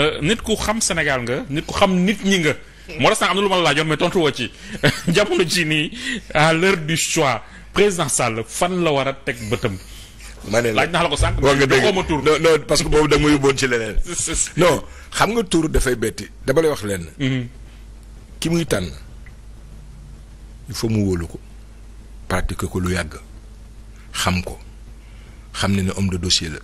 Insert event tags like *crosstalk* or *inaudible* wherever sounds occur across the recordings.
Euh, nit ku xam Sénégal nga nit ku xam nit ñi nga. moo tax sax am na lu ma la laajoon mais tontu woo ci *laughs* jamono ci nii à l'heure du choix président Sall fan la war a teg bëtam. ma ne la laaj naa la ko sànq. wax nga dëgg ma parce que boobu da nga ma yóbboon ci leneen. *laughs* non xam nga tuur dafay betti dama lay wax lenn. Mm-hmm. ki muy tànn il mu wóolu ko. pratiquer ko lu yàgg xam ko xam ne ne homme de dossier la.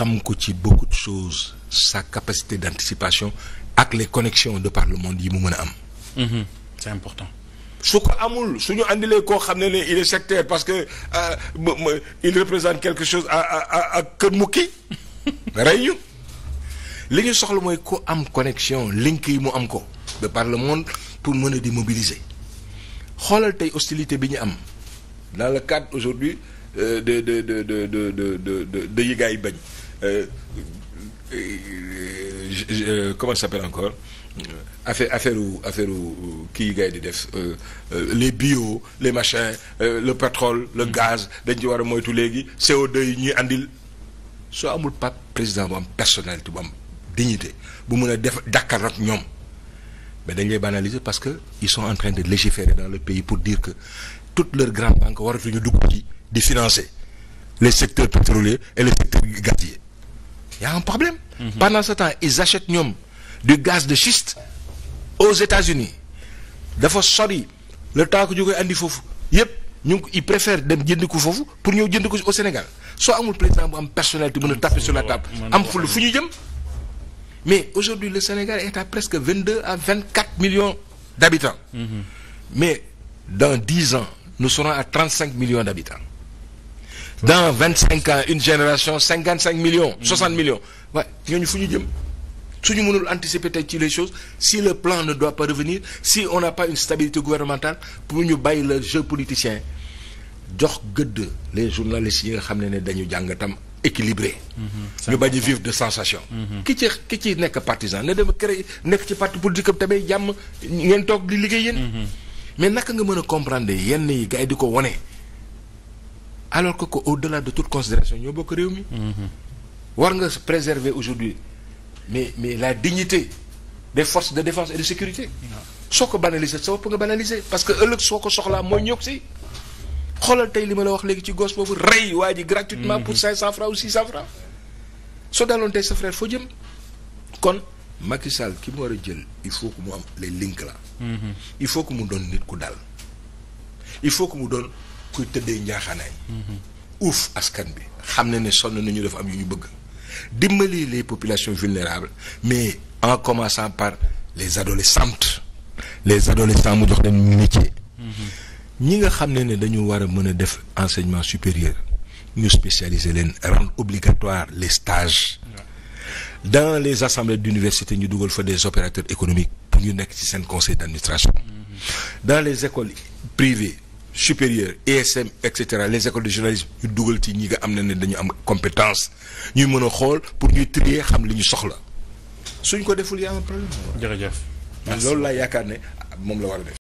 xam ko ci beaucoup de choses sa capacité d'anticipation ak les connexions de par le monde yi mu mën a am. Mhm, c'est important. su ko amul su ñu andilee koo xam ne ne il est sectaire parce que euh, il représente quelque chose à à à kër mu kii *laughs* ñu li ñu soxla mooy ku am connexion link yi mu am ko de par le monde pour mën a di mobiliser xoolal tey hostilité bi ñu am dans le cadre aujourd'hui euh, de de de de de de de de yëgaay bañ. Euh, euh, euh, comment ça s'appelle encore affaire affaire affaire kii yi di def les bio les machins le pétrole le mm-hmm. gaz dañ ci war a moytu léegi CO2 yi ñuy andil soo amul pap président bu am personnalité bu am dignité bu mën a def dakkal ak ñoom mais dañ lay banaliser parce que ils sont en train de légiférer dans le pays pour dire que toutes leurs grandes banques waratuñu dugg ci di financer les secteurs pétroliers et les secteurs yi y a problème. Mmh. pendant ce temps ils achètent ñoom du gaz de schiste aux États-Unis dafa sori le temps que ñu koy andi foofu yépp ñu ngi ils préfèrent dem jënd ko foofu pour ñëw jënd ko au Sénégal soo amul président bu am personnalité mën a taper sur la table am ful fu ñu jëm mais aujourd'hui le Sénégal est à presque vingt deux à vingt quatre millions d'habitants. Mmh. mais dans dix ans nous serons à trente cinq millions d'habitants. dans vingt cinq ans une génération cinquante cinq millions. Mm. soixante millions waaye ñooñu fu ñu jëm su ñu mënul anticiper tey ci les choses si le plan ne doit pas revenir si on n'a pas une stabilité gouvernementale pour ñu bàyyi le jeu politicien jox gëdd les journalistes yi nga xam ne ne dañu jàng tam équilibré. Mm-hmm. ñu bañ a vivre de sensation. Mm-hmm. ki ci ki ci nekk partisan ne dem créer nekk ci parti politique tamit jàmm ngeen toog di liggéey yéen. Mm-hmm. mais naka nga mën a comprendre yenn di ko wone alors que au delà de toute considération ñoo bokk réew mi. Mm-hmm. war nga préserver aujourd'hui mais mais la dignité des forces de défense et de sécurité. Mm-hmm. soo ko banaliser sa bopp nga banaliser parce que ëllëg soo ko soxlaa mooy ñëw si. xoolal tey li ma la wax léegi ci gos boobu rey waa ji gratuitement mm-hmm. pour 500 francs ou 600 francs soo daaloon tey sa frère foo jëm kon Macky ki mu war a jël il faut que mu am les links là. il faut que mu doon nit ku dal il faut que mu doon. kuy tëddee njaaxaanaay mhm. uuf askan bi xam na ne sonn nañu def am yu ñu bëgg dimbali les populations vulnérables mais en commençant par les adolescentes les adolescents mu jox leen métier mhm. ñi nga xam ne ne dañu war a mën a def enseignement supérieur ñu spécialiser leen rendre obligatoire les stages dans les assemblées d'université ñu dugal fa des opérateurs économiques pour ñu nekk ci seen conseil d'administration mhm. dans les écoles privées supérieur ISM e et cetera les écoles de journalisme ñu dugal ci ñi nga am na ne dañu am compétence ñuy mën a xool pour ñuy trier xam li ñu soxla suñ ko deful yaa am problème. jërëjëf. loolu laa yaakaar ne moom la war a def.